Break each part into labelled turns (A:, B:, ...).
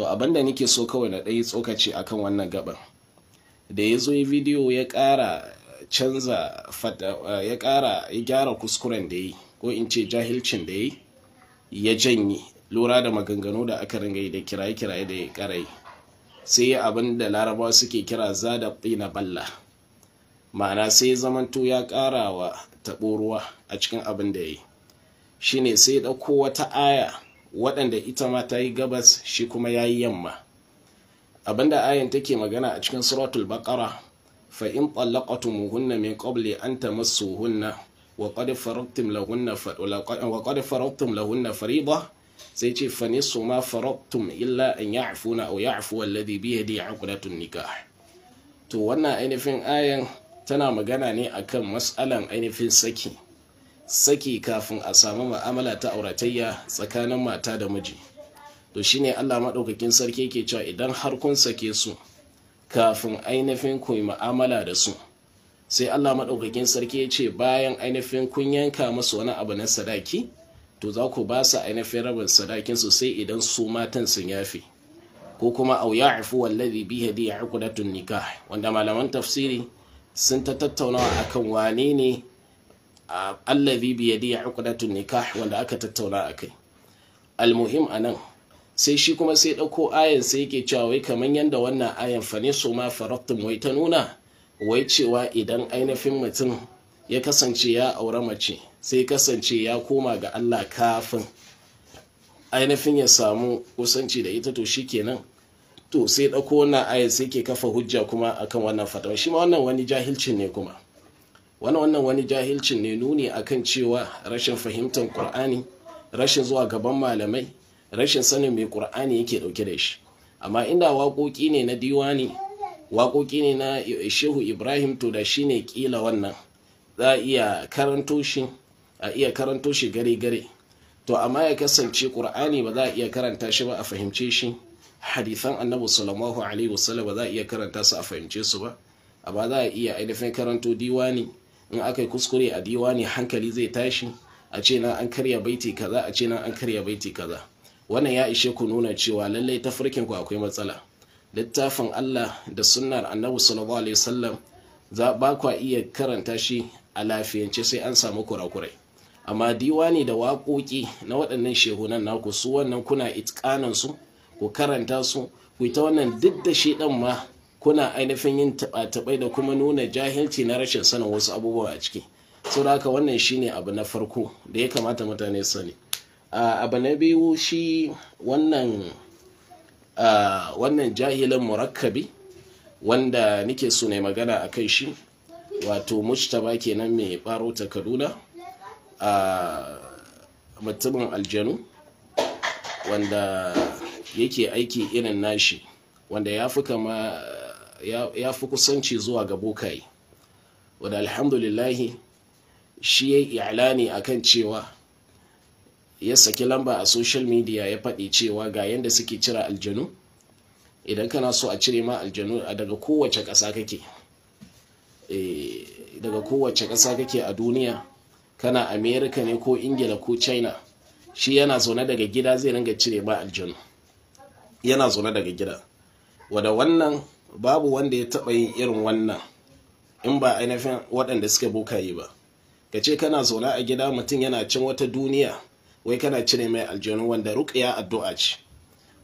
A: to abinda nake so kawai na ɗaya tsokaci akan wannan gaban da ya zo bidiyo ya ƙara canza ya ƙara ya gyara kuskuren da ya yi ko in ce jahilcin da ya yi ya janye lura da maganganu da aka ringa yi da kiraye-kiraye da ya ƙara yi sai ya abin da larabawa suke kira zada na balla ma'ana sai zamanto ya ƙara wa taɓo ruwa a cikin abin da ya yi shine sai ɗauko wata aya waɗanda ita ma ta yi gabas shi kuma ya yi yamma abinda ayan take magana a cikin suratul baqara fa in tallaqatumuhunna min qabli an tamassuhunna wa qad faradtum lahunna wa qad faradtum lahunna fariida sai ce fa nisu ma faradtum illa an ya'funa aw ya'fu alladhi bi yadi 'uqdatun nikah to wannan ainihin ayan tana magana ne akan mas'alan ainihin saki saki kafin a samu ma'amala ta auratayya tsakanin mata da miji to shine Allah maɗaukakin sarki ke cewa idan har kun sake su kafin ainihin ku yi ma'amala da su sai Allah maɗaukakin sarki ya ce bayan ainihin kun yanka masu wani abu na sadaki to za ku ba su ainihin rabin sadakin su sai idan su matan sun yafe ko kuma au ya'fu wallazi bi hadi da nikah wanda malaman tafsiri sun ta tattaunawa akan wane ne allazi bi yadi uqdatun nikah wanda aka tattauna akai almuhim anan sai shi kuma sai dauko ayan sai yake cewa wai kaman yanda wannan ayan fa so ma farattum wai ta nuna wai cewa idan ainihin mutum ya kasance ya aure mace sai kasance ya koma ga Allah kafin ainihin ya samu kusanci da ita to shikenan to sai dauko wannan ayan sai ke kafa hujja kuma akan wannan fatawa shi ma wannan wani jahilcin ne kuma wani wannan wani jahilcin ne nuni akan cewa rashin fahimtar qur'ani rashin zuwa gaban malamai rashin sanin mai qur'ani yake dauke da shi amma inda waƙoƙi ne na diwani waƙoƙi ne na shehu ibrahim to da shine kila wannan za a iya karanto shi gare gare to amma ya kasance qur'ani ba za a iya karanta shi ba a fahimce shi hadisan annabi sallallahu alaihi wasallam ba za a iya karanta su a fahimce su ba amma za a iya ainihin karanto diwani in aka yi kuskure a diwa ne hankali zai tashi a ce nan an karya baiti kaza a ce nan an karya baiti kaza wannan ya ishe ku nuna cewa lallai tafarkin ku akwai matsala littafin Allah da sunnar Annabi sallallahu alaihi wasallam za ba kwa iya karanta shi a lafiyance sai an samu kurakurai amma diwa ne da waƙoƙi na waɗannan shehunan naku su wannan kuna itkanan su ku karanta su ku ta wannan duk da shi ɗan ma kuna ainihin yin taɓa-taɓai da kuma nuna jahilci na rashin sanin wasu abubuwa a ciki da haka wannan shine abu na farko da ya kamata mutane sani abu na biyu shi wannan jahilin murakkabi wanda nike su ne magana a kai shi wato mustaba kenan mai baro ta kaduna mutumin aljanu wanda yake aiki irin nashi wanda ya fi kama ya fi kusanci zuwa ga bokaye wadda alhamdulillahi shi ya yi alani a kan cewa ya saki lamba a social media ya faɗi cewa ga yadda suke cira aljanu idan kana so a cire ma aljanu daga kowace ƙasa kake eh, daga kowace ƙasa kake a duniya kana amerika ne ko ingila ko china shi yana zaune daga gida zai ringa cire ma aljanu yana zaune daga gida wadda wannan babu wanda ya taɓa yin irin wannan in ba ainihin waɗanda suke bokaye ba ka ce kana zaune a gida mutum yana cin wata duniya wai kana cire mai aljanu wanda ruƙiya addu'a ce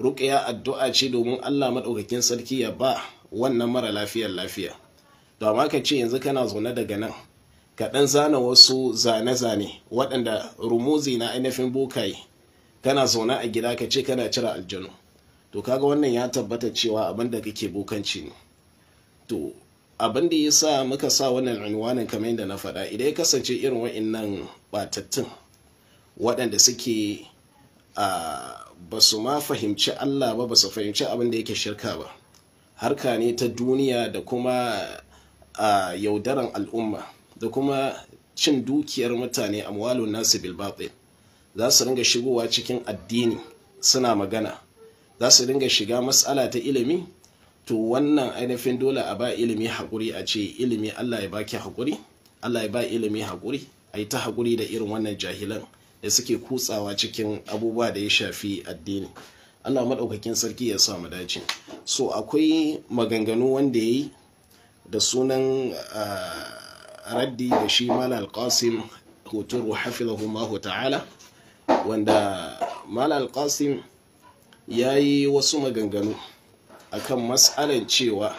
A: ruƙiya addu'a ce domin allah maɗaukakin sarki ya ba wannan mara lafiyar lafiya to amma ka ce yanzu kana zaune daga nan ka ɗan zana wasu zane-zane waɗanda rumuzi na ainihin bokaye kana zaune a gida ka ce kana cire aljanu to kaga wannan ya tabbata cewa abin da kake bokanci ne to abin da ya sa muka sa wannan unwanin kamar yadda na faɗa idan ya kasance irin wa'annan batattun waɗanda suke ba su ma fahimci Allah ba ba su fahimci abin da yake shirka ba harka ne ta duniya da kuma a yaudaran al'umma da kuma cin dukiyar mutane amwalun nasu bilbatil za su ringa shigowa cikin addini suna magana za su dinga shiga matsala ta ilimi to wannan ainihin dole a ba ilimi haƙuri a ce ilimi Allah ya baki haƙuri Allah ya ba ilimi haƙuri a yi ta haƙuri da irin wannan jahilan da suke kutsawa cikin abubuwa da ya shafi addini Allah maɗaukakin sarki ya samu mu dace so akwai maganganu wanda ya yi da sunan raddi da shi malal qasim huturu hafizahullahu ta'ala wanda malal qasim ya yi wasu maganganu akan matsalan cewa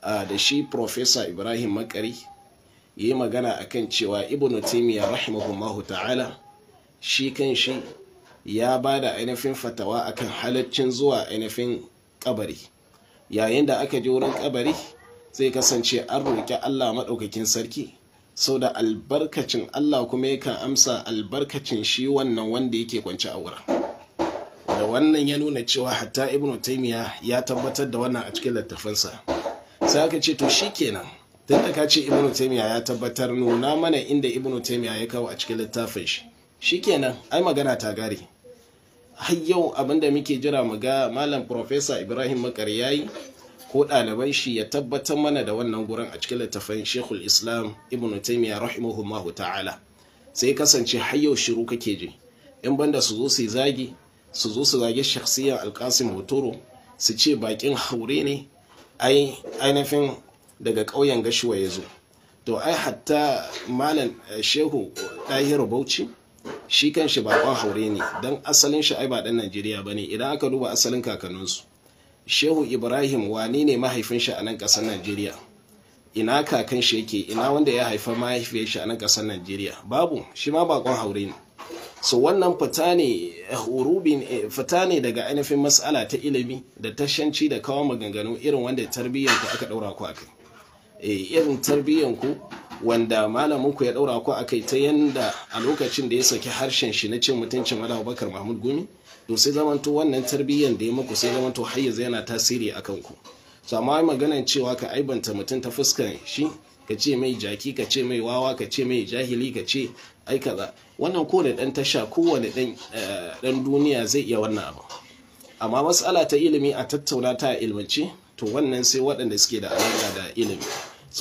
A: da shi profesa ibrahim makari ya yi magana akan cewa ibn taimiyya rahimahullahu ta'ala shi kan shi ya ba da ainihin fatawa akan halaccin zuwa ainihin kabari yayin da aka ji wurin kabari zai kasance an roƙi allah maɗaukakin sarki sau da albarkacin allah kuma yakan amsa albarkacin shi wannan wanda yake kwance a wurin wannan ya nuna cewa hatta ibn taimiya ya tabbatar da wannan a cikin littafinsa sai aka ce to shikenan tun da ka ce ibn taimiya ya tabbatar nuna mana inda ibn taimiya ya kawo a cikin littafin shi shi kenan ai magana ta gari har yau abinda muke jira mu ga malam professor ibrahim makar yi ko ɗaliban shi ya tabbatar mana da wannan gurin a cikin littafin shekul islam ibn taymiya rahimahullahu ta'ala sai kasance har yau shiru kake ji in banda su zo su yi zagi su zo su zage shakhsiyar alkasim hotoro su ce bakin haure ne ainihin daga ƙauyen gashiwa ya zo to ai hatta malam eh, shehu ɗahir bauchi shi kan shi bakon haure ne don asalin shi ai ba ɗan najeriya ba ne idan aka duba asalin kakanninsu shehu ibrahim wani ne mahaifin shi a nan ƙasar najeriya ina kakan shi yake ina wanda ya haifa mahaifiyar shi a nan ƙasar najeriya babu shi ma bakon haure ne so wannan fita ne eh, eh, daga ainihin matsala ta ilimi da tashanci da kawo maganganu irin wanda tarbiyyar ku aka daura ku akai eh, irin tarbiyyar ku wanda malamin ku ya daura ku akai ta yanda a lokacin da ya saki harshen shi na cin mutuncin Malam Abubakar Mahmud Gumi to sai zamanto wannan tarbiyyar da ya muku sai zama har yanzu yana tasiri akan ku so amma maganan cewa ka aibanta mutum ta fuskar shi ka ce mai jaki ka ce mai wawa ka ce mai jahili ka ce ai kaza wannan kowane dan tasha kowane dan eh, duniya zai iya wannan abu amma matsala ta ilimi a tattauna ta ilmance to wannan sai waɗanda suke da alaƙa da ilimi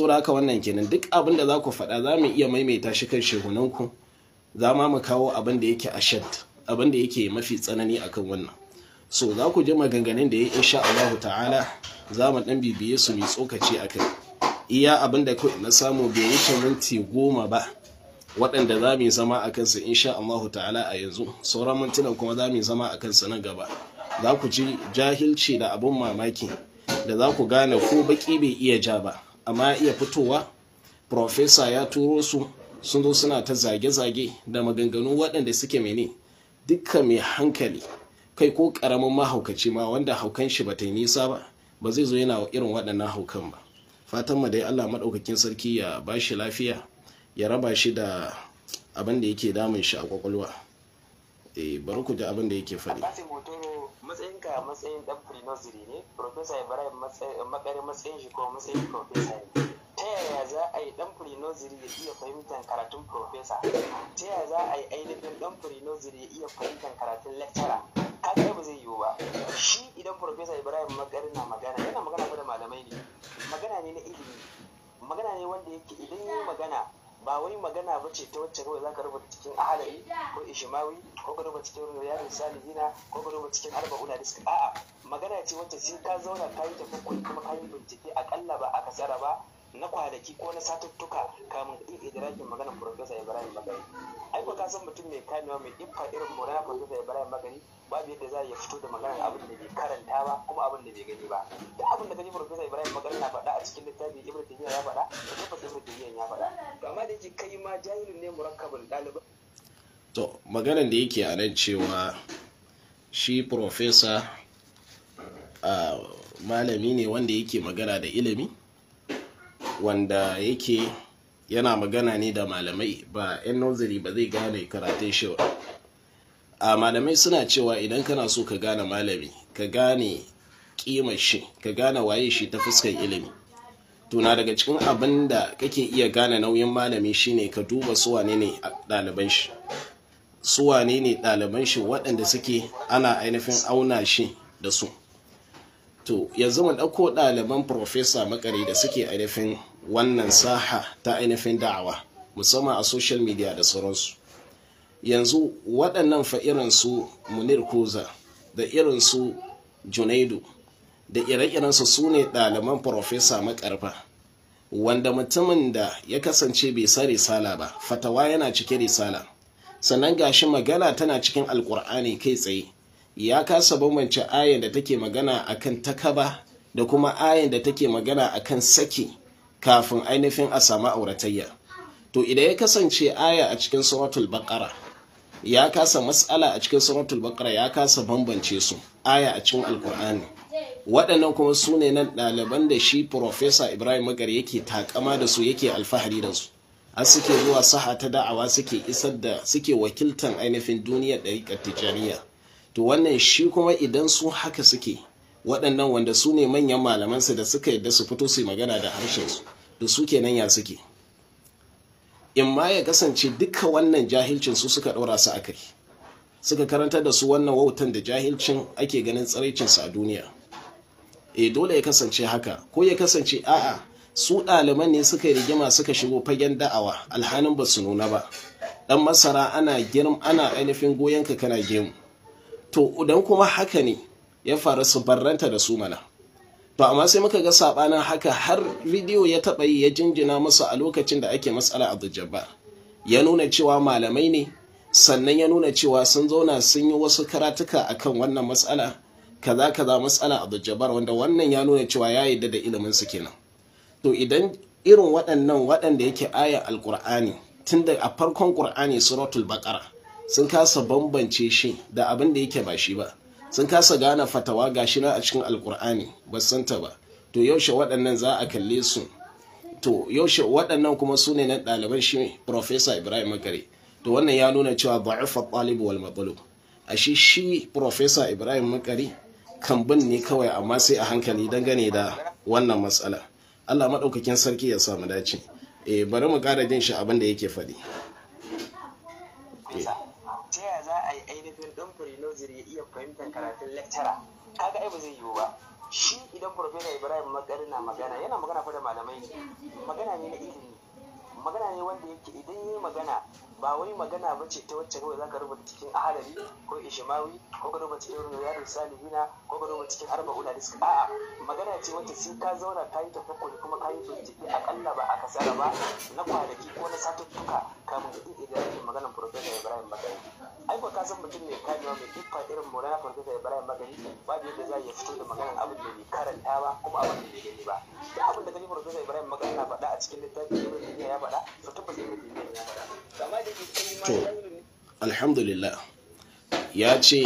A: da haka wannan kenan duk abin da za ku faɗa za mu iya maimaita shi kan shehunanku za ma mu kawo abin da yake ashad abin da yake mafi tsanani akan wannan so za ku je maganganun da ya insha allahu ta'ala za mu dan bibiye su mai tsokaci akai iya abin da na samu bai wuce minti goma ba waɗanda za mu zama a kansu insha Allahu ta'ala a yanzu sauran mintuna kuma za mu zama a kansu nan gaba za ku ji jahilci da abin mamaki da za ku gane ko baki bai iya ja ba amma iya fitowa profesa ya turo su sun zo suna ta zage-zage da maganganu waɗanda suke mene dukka mai hankali kai ko ƙaramin mahaukaci ma wanda haukan shi ba ta yi nisa ba ba zai zo yana irin waɗannan haukan ba fatan mu dai Allah madaukakin sarki ya ba shi lafiya ya raba shi da abin da yake damun shi a kwakwalwa eh bari ku ji abin da yake faɗi matsayinka matsayin dan nursery
B: ne professor Ibrahim matsayin matsayin shi ko matsayin professor ta yaya za a yi dan nursery ya iya fahimtar karatun professor ta yaya za a yi ainihin dan nursery ya iya fahimtar karatun lecturer kai ba zai yiwu ba shi idan Profesa ibrahim makarin na magana yana magana ba da malamai ne magana ne na ilimi magana ne wanda yake idan yi magana ba wai magana ba ce ta wacce kawai ka rufe cikin ahalari ko ishimawi ko ka rubuta cikin riyadun salihina ko ka rubuta cikin arba'una da a'a magana ce wacce sai ka zauna ka yi tafi kuma ka yi bincike akalla ba a kasara ba na kwanaki ko na satuttuka kamun iya idrakin magana Profesa Ibrahim Magani. Ai ka san mutum mai kamewa mai ifka irin Maulana Profesa Ibrahim Magani babu yadda za ya fito da maganar abin da bai karanta ba kuma abin da bai gani ba. Da abin da gani Profesa Ibrahim Magani na faɗa a cikin littafi ibrahim tafiya ya faɗa, da tabbas Ibn Taymiyyah ya faɗa. To amma da yake kai ma jahilin ne murakkabin ɗaliban.
A: To maganan da yake a nan cewa shi Profesa ah, malami ne wanda yake magana da ilimi wanda yake yana magana ne da malamai ba 'yan nazari ba zai gane karatun shi ba a malamai suna cewa idan kana so ka gane malami ka gane kimar shi ka gane waye shi ta fuskar ilimi tuna daga cikin abin da kake iya gane nauyin malami shine ka duba su ne ne ɗaliban shi suwa ne ne ɗaliban shi waɗanda suke ana ainihin auna shi da su to yanzu mu ɗauko ɗaliban profesa makare da suke ainihin wannan saha ta ainihin da'awa musamman a social media da sauransu yanzu waɗannan fa irinsu munir kuza da irinsu junaidu da ire-irensu su ne ɗaliban profesa makarfa wanda mutumin da ya kasance bai sa risala ba fatawa yana cike risala sannan gashi magana tana cikin Alƙur'ani kai tsaye ya kasa bambance ayan da take magana akan takaba da kuma ayan da take magana akan saki kafin ainihin a samu auratayya to idan ya kasance aya a cikin suratul baqara ya kasa matsala a cikin suratul bakara ya kasa bambance su aya a cikin alkur'ani waɗannan kuma su ne nan ɗaliban da shi Profesa Ibrahim Magar yake takama da su yake alfahari da su. An suke zuwa saha ta da'awa suke isar da suke wakiltan ainihin duniyar ɗariƙar Tijjaniya. to wannan shi kuma idan su haka suke waɗannan wanda su ne manyan malamansu da suka yadda su fito su yi magana da harshensu da su kenan ya suke in ma ya kasance duka wannan jahilcin su suka ɗora su yi, suka karantar da su wannan wautan da jahilcin ake ganin tsaraicinsu a duniya Eh dole ya kasance haka ko ya kasance a'a su ɗaliban ne suka yi rigima suka shigo fagen da'awa alhanin ba su nuna ba ɗan masara ana girm ana ainihin goyon ka kana gemu to idan kuma haka ne ya faru su barranta da su mana to amma sai muka ga sabanin haka har bidiyo ya taɓa yi ya jinjina musu a lokacin da ake matsala a dujjaba ya nuna cewa malamai ne sannan ya nuna cewa sun zauna sun yi wasu karatuka akan wannan matsala kaza kaza matsala a dujjabar wanda wannan ya nuna cewa ya yi da ilimin su kenan to idan irin waɗannan waɗanda yake ayan Alƙur'ani, tun da a farkon ƙur'ani suratul baƙara sun kasa bambance shi da abin da yake ba shi ba sun kasa gane fatawa ga shi na a cikin alkur'ani ba santa ba to yaushe waɗannan za a kalle su to yaushe waɗannan kuma su ne na ɗaliban shi profesa ibrahim makare to wannan ya nuna cewa ba a wal matsalo a shi shi profesa ibrahim makare bin ne kawai amma sai a hankali dangane da wannan matsala allah maɗaukakin sarki ya samu dace eh, bari mu ƙara jin shi abin da yake faɗi. Eh.
B: fahimtar karatun lecturer kaga ai ba zai yiwu ba shi idan profesa ibrahim makarin na magana yana magana fa da malamai ne magana ne na ilimi magana ne wanda yake idan yi magana ba wai magana ba ce ta wacce kawai zaka rubuta cikin ahalari ko ishimawi ko ka rubuta cikin riyadul salihina ko ka rubuta cikin arba'una hadis a'a magana ce wacce sai ka zauna ka yi tafakkuri kuma ka yi bincike akalla ba a kasara ba na kwanaki ko na satuttuka kamun da duk idan yake maganar profesa ibrahim magani ai ba ka san mutum ka kamewa mai duk irin maulana profesa ibrahim magani ba babu yadda za a iya fito da maganar abin da bai karanta ba kuma abin da bai gani ba duk abin da kaji profesa ibrahim magani na faɗa a cikin littafin ibn taymiya ya faɗa to tabbas ibn taymiya ya faɗa to
A: alhamdulillah ya ce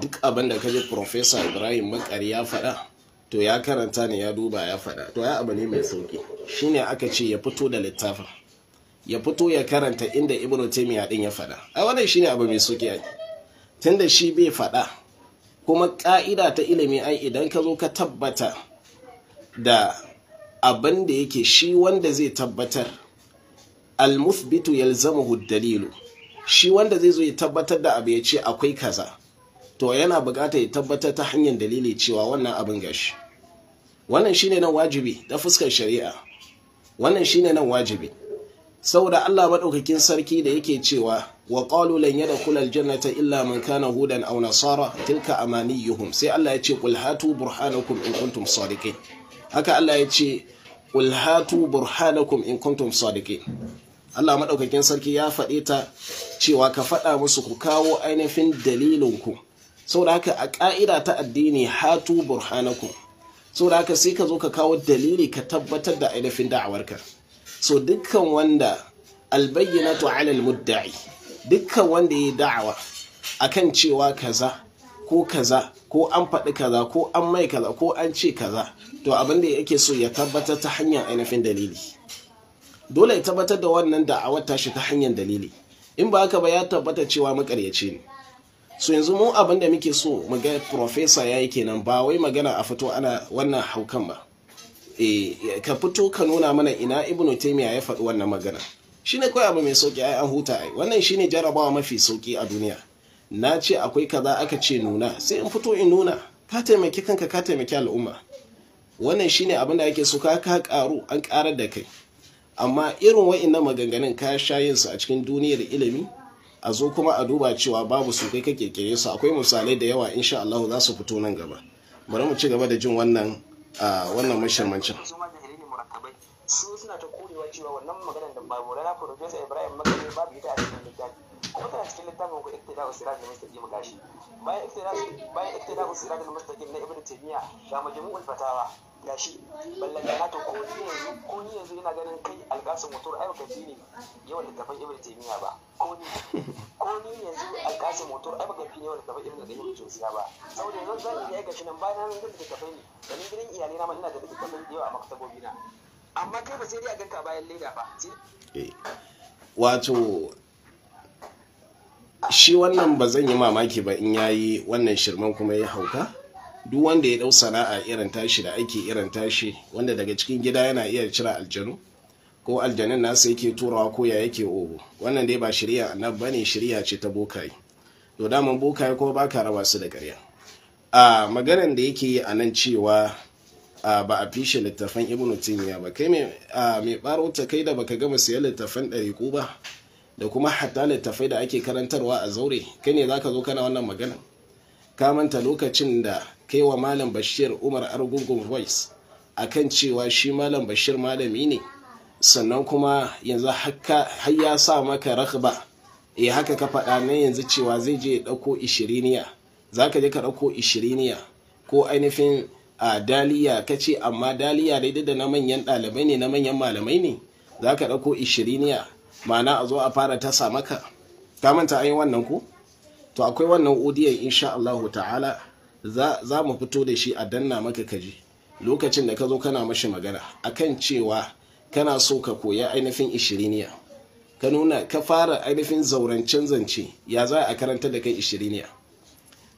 A: duk abin da kaji profesa ibrahim makari ya faɗa to ya karanta ne ya duba ya faɗa to ya abu ne mai sauki shine aka ce ya fito da littafin ya fito ya karanta inda ibnu taymiya din ya faɗa a wannan shine abu mai sauki tun tunda shi bai faɗa kuma ka'ida ta ilimi ai idan ka zo ka tabbata da abin da yake shi wanda zai tabbatar al-muthbitu yalzamuhu dalilu shi wanda zai zo ya tabbatar da abu ya ce akwai kaza to yana bukata ya tabbatar ta hanyar dalili cewa wannan abin gashi wannan shine nan wajibi da fuskar shari'a wannan shine nan wajibi saboda Allah madaukakin sarki da yake cewa wa qalu lan yadkhul aljannata illa man kana hudan aw nasara tilka amaniyuhum sai Allah ya ce qul hatu burhanakum in kuntum sadiqin haka Allah ya ce qul hatu burhanakum in kuntum sadiqin Allah maɗaukakin sarki ya faɗe ta cewa ka faɗa musu ku kawo ainihin dalilinku saboda haka a ƙa'ida ta addini hatu burhanakum saboda haka sai ka zo ka kawo dalili ka tabbatar da ainihin da'awarka so dukkan wanda albayyana to alal mudda'i dukkan wanda ya da'awa akan cewa kaza ko kaza ko an faɗi kaza ko an mai kaza ko an ce kaza to abin da yake so ya tabbatar ta hanyar ainihin dalili dole ya tabbatar da wannan da'awar tashi ta hanyar dalili in ba haka ba ya tabbata cewa makaryaci ne so yanzu mu abin da muke so mu ga professor yayi kenan ba wai magana a fito ana wannan haukan ba Eh ka fito ka nuna mana ina ibnu taymiya ya faɗi wannan magana shine kai abu mai sauki ai an huta ai wannan shine jarabawa mafi sauki a duniya na ce akwai kaza aka ce nuna sai in fito in nuna ka taimaki kanka ka taimaki al'umma wannan shine abin da ake so ka ka karu an karar da kai amma irin wa'innan maganganun ka sha yin su a cikin duniyar ilimi a zo kuma a duba cewa babu su kai ka kirkire su akwai misalai da yawa insha Allah za su fito nan gaba bari mu ci gaba da jin wannan wannan mashirmancin ita a kuma
B: tana cikin da da na Ibn Taymiyyah ga majmu'ul fatawa gashi ballan da to ko ni yanzu ko ni yanzu ina ganin kai alƙasin motor ai baka ne yawan littafin ibn taymiya ba ko ni ko ni yanzu alƙasin motor ai baka ne yawan littafin ibn qayyim josiya ba saboda yanzu zan yi aikaci nan bayan nan da littafai ne da ni gidan iyalai na ma ina da littafin da yawa a maktabobi na amma kai ba sai dai a ganka bayan leda ba
A: eh, wato shi wannan ba zan yi mamaki ba in yayi wannan shirman kuma ya hauka duk wanda ya dau sana'a irin tashi da ake irin tashi wanda daga cikin gida yana iya cire aljanu ko aljanin nasa yake turawa ko ya yake obo wannan dai ba shirya annab bane shirya ce ta bokaye to daman bokaye ko baka raba su da ƙarya a maganar da yake yi a nan cewa ba a fishe littafan ibn timiya ba kai mai baro ta kai da baka gama siyan littafan ɗariƙu ba da kuma hatta littafai da ake karantarwa a zaure kai ne zaka zo kana wannan maganar ka manta lokacin da kai wa malam bashir umar argungun voice akan cewa shi malam bashir malami ne sannan kuma yanzu har ya sa maka rakhba ya eh, haka ka faɗa nan yanzu cewa zai je ya ɗauko ishiriniya za ka je ka ɗauko ishiriniya ko ainihin a daliya ka ce amma daliya daidai da na manyan ɗalibai ne na manyan malamai ne za ka ɗauko ishiriniya ma'ana a zo a fara tasa maka ka manta an yi wannan ko to akwai wannan odiyon insha Allah ta'ala za mu fito da shi a danna maka kaji lokacin da ka zo kana mashi magana akan cewa kana so ka koya ainihin ishiriniya ka nuna ka fara ainihin zauren zance ya za a karanta da kai ishiriniya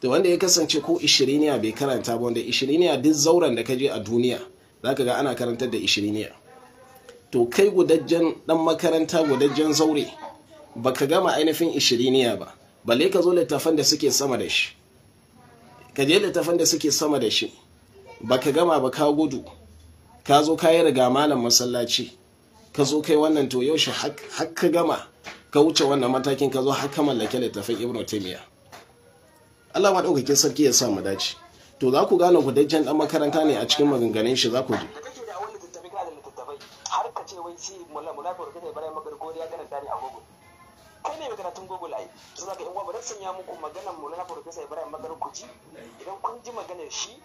A: da wanda ya kasance ko ishiriniya bai karanta ba wanda ishiriniya duk zauren da ka je a duniya za ka ga ana karantar da ishiriniya to kai gudajen dan makaranta gudajen zaure baka gama ainihin ishiriniya ba balle ka zo littafan da suke sama da shi ka je littafan da suke sama da shi ba ka gama ba ka gudu ka zo ka yi riga malam masallaci ka zo kai wannan to yaushe har ka gama ka wuce wannan matakin ka zo har ka mallake littafin ibnu taymiya Allah ma daukakin sarki ya sa mu dace to za ku gane ku dajjan dan makaranta ne a cikin maganganun shi za ku ji har ka ce wai shi mulla mulla ko
B: kai bare magana gori ya gana tare a gogo kai ne mai karatun google ai to zaka yan uwa bari ya muku maganar mu na professor Ibrahim Bakar Kuji idan kun ji maganar shi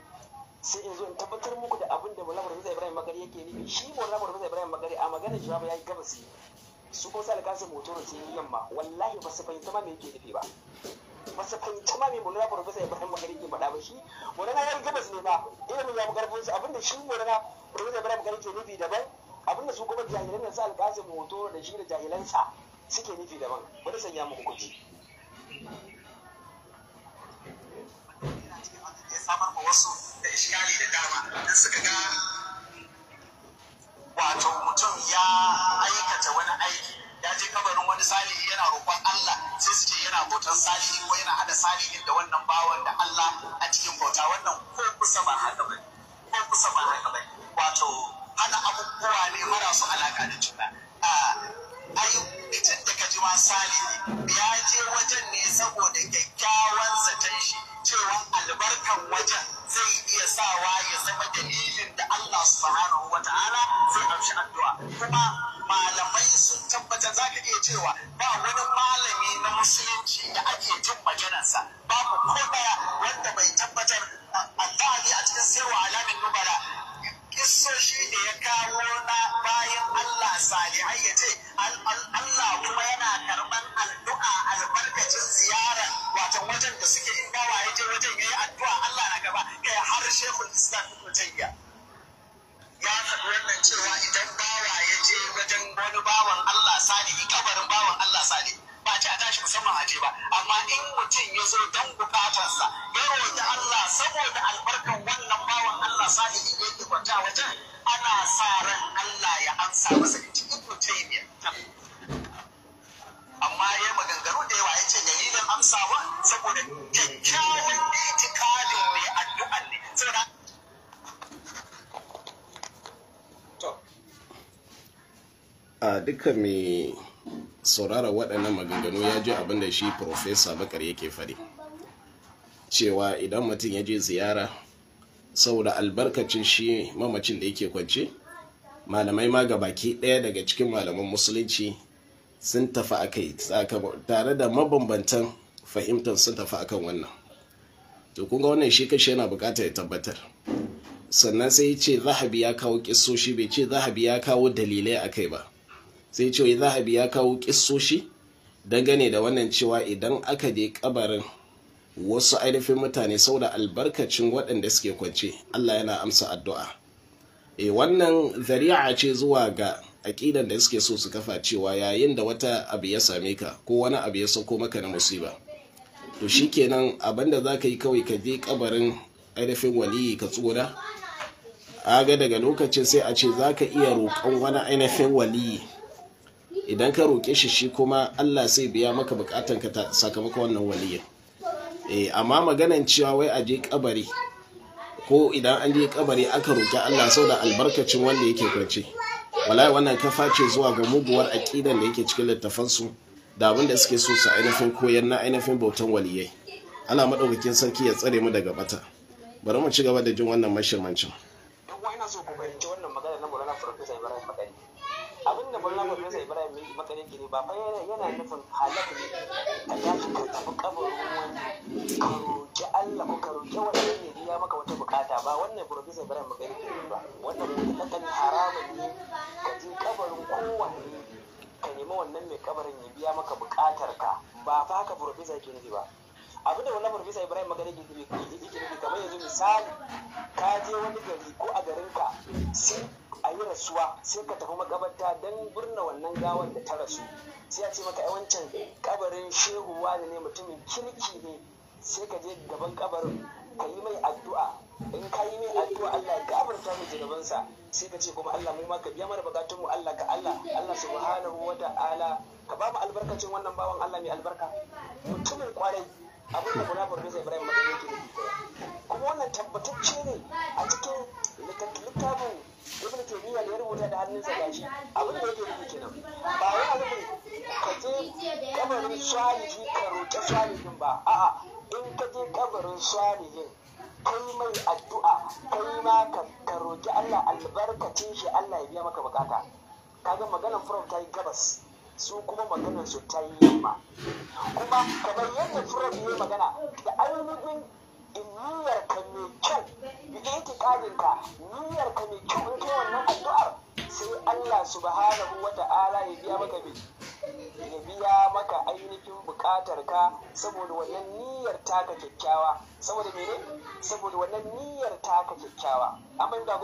B: sai in zo in tabbatar muku da abin da Maulana Professor Ibrahim Bakari yake nufi shi Maulana Professor Ibrahim Bakari a maganar shi ba yayi gabas su ko sai alƙasin motoro sun yi yamma wallahi ba su fahimta ma me yake nufi ba ba su fahimta ma me Maulana Professor Ibrahim Bakari yake faɗa ba shi Maulana yayi gabas ne ba ilimin ya fi karfin su da shi Maulana Professor Ibrahim Bakari ke nufi daban abin da su kuma jahilan sa alƙasin motoro da shi da jahilan sa suke nufi daban bari sanya muku kuji
C: ya samar ma wasu da ishkali da dama in suka ga wato mutum ya aikata wani aiki ya je kabarin wani salihi yana roƙon Allah sai su ce yana bautan salihi ko yana hada salihin da wannan bawan da Allah a cikin bauta wannan ko kusa ba haka ba ko kusa ba haka ba wato hana abubuwa ne marasu alaka da juna ah, ai da ka ji ma salihi ya je wajen ne saboda kyakkyawan zaton shi cewa albarkan wajen zai iya sawa ya zama dalilin da Allah subhanahu wa ta'ala zai amshi addu'a kuma malamai sun tabbatar zaka iya cewa ba wani malami na musulunci da ake jin maganarsa babu ko daya wanda bai tabbatar addali a cikin sirwa alamin nubala shi da ya kawo na bayan Allah salihai ya ce Allah kuma yana karɓan addu'a albarkacin ziyara wato wajen da suke in bawa ya je wajen yayi addu'a Allah na gaba kai har shehu islam ko tayya ya faɗi wannan cewa idan bawa ya je wajen wani bawan Allah sali kabarin bawan Allah Sani, ba ta tashi musamman aje ba amma in mutum ya zo don bukatarsa ya roƙi Allah saboda albarkan wannan bawan Allah sali yake kwanta wajen ana sa ran Allah ya amsa masa
A: A duka mai saurara waɗannan maganganu ya ji abin da shi Profesa Bakar yake faɗi. Cewa idan mutum ya je ziyara, saboda albarkacin shi mamacin da yake kwance, malamai ma ga baki ɗaya daga cikin malaman musulunci sun tafi a kai tare da mabambantan fahimtar sun tafi a kan wannan. To kun wannan shi kashe yana bukatar ya tabbatar. sannan sai ya ce zahabi ya kawo kisoshi bai ce zahabi ya kawo dalilai a kai ba sai ce zahabi ya kawo kissoshi dangane da wannan cewa idan aka je kabarin wasu ainihin mutane saboda albarkacin waɗanda suke kwance Allah yana amsa addu'a e wannan zari'a ce zuwa ga aƙidan da suke so su kafa cewa yayin da wata abu ya same ka ko wani abu ya sauko maka na musiba to shi shikenan abinda za ka yi kawai ka je kabarin ainihin waliyi ka tsora aga daga lokacin sai a ce za ka iya roƙon wani ainihin waliyi idan ka roƙe shi shi kuma Allah sai biya maka bukatan ka sakamakon wannan waliyin eh amma maganan cewa wai a je kabari ko idan an je kabari aka roƙi Allah saboda albarkacin wanda yake kwance wallahi wannan kafa ce zuwa ga muguwar aqidan da yake cikin littafansu da abin da suke so su ainihin koyar na ainihin bautan waliyai Allah madaukakin sarki ya tsare mu daga bata bari mu ci gaba da jin wannan mashirmancin wannan magana
B: na Farfesa Ibrahim abin da barna fesa ibrahim mai makare ke ne ba fa yana nufin halaka ne a tashi ka tafi kabarin wani ka allah ko ka roƙi wani ne biya maka wata bukata ba wannan Profesa ibrahim makare ke ne ba wannan mutlakan haramun
C: ne ka je kabarin
B: kowanne ka nemi wannan mai kabarin ya biya maka bukatar ka ba fa haka Profesa ke nufi ba abin da wannan farfesa ibrahim magana ke nufi kamar yanzu misali ka je wani gari ko a garin ka, sai a yi rasuwa sai ka tafi makabarta don birna wannan gawar da ta rasu sai a ce maka yawancin kabarin shehu wani ne mutumin kirki ne sai ka je gaban kabarin ka yi mai addu'a in ka yi mai addu'a Allah ya gabarta mu zunubansa sai ka ce kuma Allah mu ma ka biya mana bukatun mu Allah ka Allah Allah subhanahu wa ta'ala ka ba mu albarkacin wannan bawan Allah mai albarka mutumin kwarai abin da kula farfesa ibrahim magana yake kuma wannan tabbatacce ne a cikin littafin ibn taymiya da ya rubuta da sa gashi abin da yake nufi kenan ba wai abin ka je kabarin salihi ka roƙi salihin ba a'a in ka je kabarin salihin kai mai addu'a kai ma ka roƙi Allah albarkacin shi Allah ya biya maka bukata kaga maganar furam ta yi gabas su kuma maganar su ta yi yamma kuma kamar yadda furar ya magana da ainihin niyyar ka mai kyau da itikadin ka niyyar ka mai kyau in kai wannan addu'ar sai Allah subhanahu wa ta'ala ya biya maka bi ya biya maka ainihin bukatar ka saboda wannan niyyar taka kyakkyawa saboda mene saboda wannan niyyar taka kyakkyawa amma da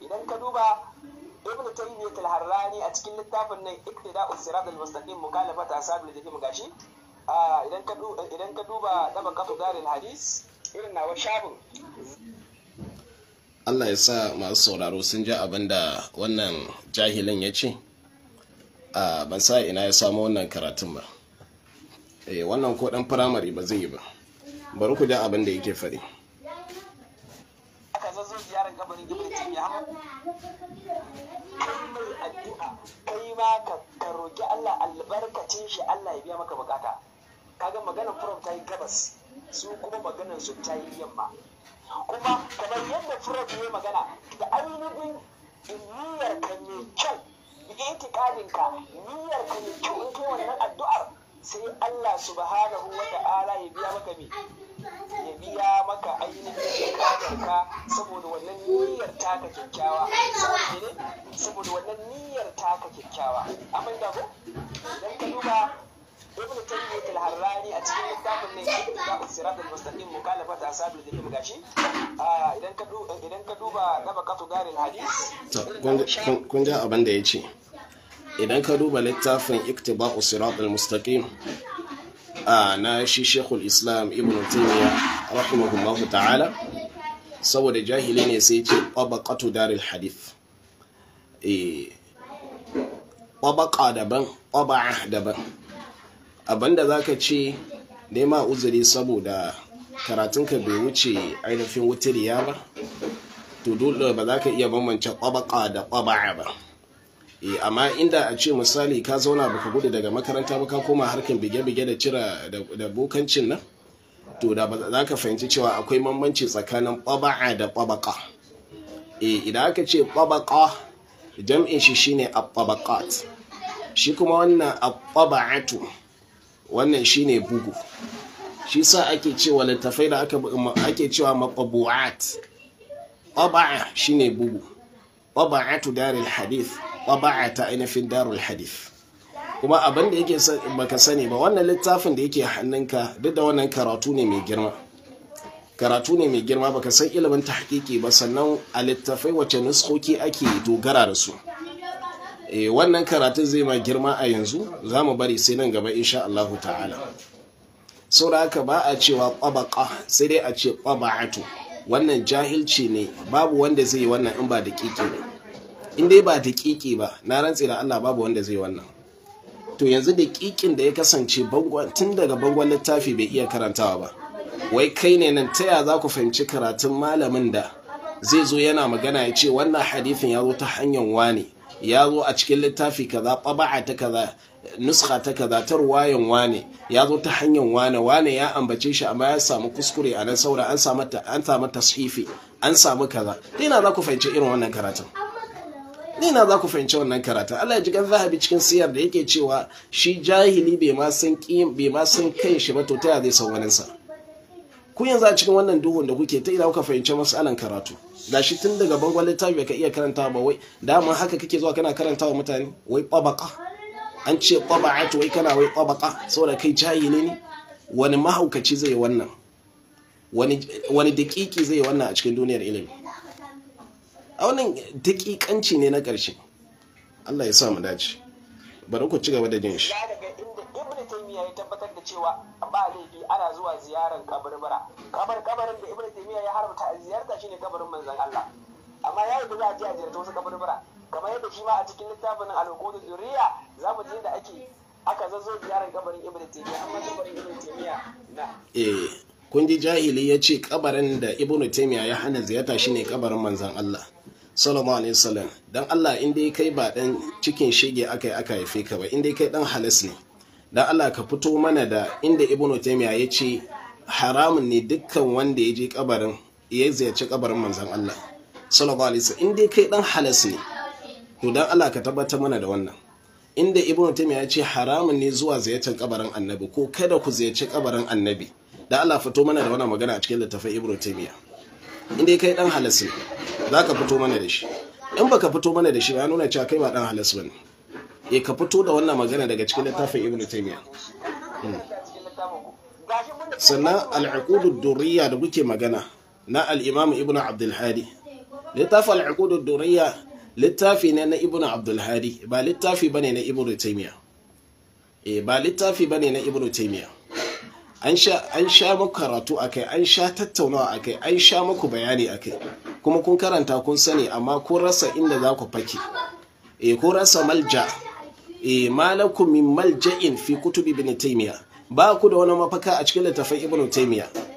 B: idan ka duba ibn taymiyyah al-harrani a cikin littafin nan iktida'us sirat al-mustaqim mukalafa ta asabul jahim gashi idan ka idan ka duba kafu daril hadis irin nawa shafin
A: Allah ya sa masu sauraro sun ji abin da wannan jahilin ya ce ban sa ina ya samu wannan karatun ba eh wannan ko dan firamare ba zai yi ba bari ku ji abin da yake faɗi
B: ziyarar naka ka roƙi Allah albarkacin shi Allah ya biya maka bukata kaga maganar furam ta yi gabas su kuma maganar su ta yi yamma kuma kamar yadda furam ya magana da ainihin niyyar ka mai kyau itikadin ka niyyar ka mai kyau in kai wannan addu'ar sai Allah subhanahu wa ta'ala ya biya maka me ya biya maka ainihin bukatarka saboda wannan niyyar taka kyakkyawa saboda kyakkyawa amin da ko ka duba a cikin littafin ne da da idan ka duba
A: idan ka duba hadis kun ga abin ka duba littafin iktiba'u al na shi shekul islam ibn taymiya rahimahullahu ta'ala saboda jahili ne sai ce ƙwabaƙatu daril hadith ƙwabaƙa daban ƙwaba'a daban abinda za ka ce nema uzuri saboda karatunka bai wuce ainihin wutiriya ba to dole ba za ka iya bambance ƙwabaƙa da ƙwaba'a ba e amma inda a ce misali ka zauna baka gudu daga makaranta ba ka koma harkan bige-bige da cira da bokancin nan to da ba za ka fahimci cewa akwai bambanci tsakanin ɓaba'a da ɓabaƙa e idan aka ce ɓabaƙa jam'in shi shine abbabakat shi kuma wannan ɓaba'atu wannan shine bugu shi sa ake cewa littafai da ake cewa maɓabu'at ɓaba'a shine bugu ɓaba'atu darin hadith ta ainihin darul hadith kuma abin da yake baka sani ba wannan littafin da yake hannunka duk da wannan karatu ne mai girma karatu ne mai girma baka san ilimin ta hakiki ba sannan a littafai wacce nuskoki ake dogara da su eh wannan karatun zai ma girma a yanzu za mu bari sai nan gaba in sha Allah ta'ala da haka ba a cewa ƙwabaƙa sai dai a ce taba'atu wannan jahilci ne babu wanda zai yi wannan in ba da ƙiƙi ne in dai ba daƙiƙi ba na rantse da Allah babu wanda zai wannan to yanzu daƙiƙin da ya kasance tun daga bangon littafi bai iya karantawa ba wai kai ne nan taya za ku fahimci karatun malamin da zai zo yana magana ya ce wannan hadisin ya zo ta hanyar wani ya zo a cikin littafi kaza taba'a ta kaza nuska ta kaza ta ruwayan wane ya zo ta hanyar wane wane ya ambace shi amma ya samu kuskure a nan saura an samu tasfifi an samu kaza ta za ku fahimci irin wannan karatun ni na za ku fahimci wannan karatun Allah ya ji gan zahabi cikin siyar da yake cewa shi jahili bai ma san bai ma san kai shi ba to ta zai san wani sa ku yanzu a cikin wannan duhun da kuke ta ina kuka fahimci masalan karatu gashi tun daga bangon littafi ka iya karanta ba wai dama haka kake zuwa kana karanta wa mutane wai tabaka an ce taba'atu wai kana wai tabaka saboda kai jahili ne wani mahaukaci zai wannan wani wani dakiki zai wannan a cikin duniyar ilimi a wannan daƙiƙanci ne na ƙarshe Allah ya sa mu dace bari ku ci gaba da jin shi ibn taymiya ya tabbatar da cewa ba laifi ana zuwa
B: ziyarar kabarbara kabar kabarin da ibn taymiya ya haramta a ziyarta shine kabarin manzon Allah amma ya yi za a je a ziyarta wasu kabarbara kamar yadda shi ma a cikin littafin al-hukumu zuriya za mu je da ake aka zazzo ziyarar kabarin ibn taymiya amma kabarin ibn taymiya
A: eh kun ji jahili ya ce kabarin da ibn taymiya ya hana ziyarta shine kabarin manzon Allah Salamu alaihi salam Don Allah in dai kai ba dan cikin shege aka yi aka haife ka ba in dai kai dan halas ne dan Allah ka fito mana da inda ibnu taimiya ya ce haramun ne dukkan wanda ya je kabarin ya ziyarci kabarin manzon Allah Salamu alaihi salam in dai kai dan halas ne to dan Allah ka tabbatar mana da wannan inda ibnu taimiya ya ce haramun ne zuwa ziyartar kabarin annabi ko kada ku ziyarci kabarin annabi da Allah fito mana da wannan magana a cikin littafin ibnu taimiya in dai kai dan halas ne za ka fito mana da shi in baka fito mana da shi ya nuna cewa kai ba dan halas bane eh ka fito da wannan magana daga cikin littafin ibn taymiya hmm. sannan al-uqud durriya da kuke magana na al-imam ibn abdul hadi littafin al-uqud durriya littafi ne na ibn abdul hadi ba littafi bane na ibn taymiya eh ba littafi bane na ibn taymiya an sha maku karatu a kai an sha tattaunawa a kai an sha maku bayani a kai kuma kun karanta kun sani amma kun rasa inda za ku fake e kun rasa malja e malakum min malja'in fi kutubi ibn taymiya ba ku da wani mafaka a cikin littafin ibn taymiya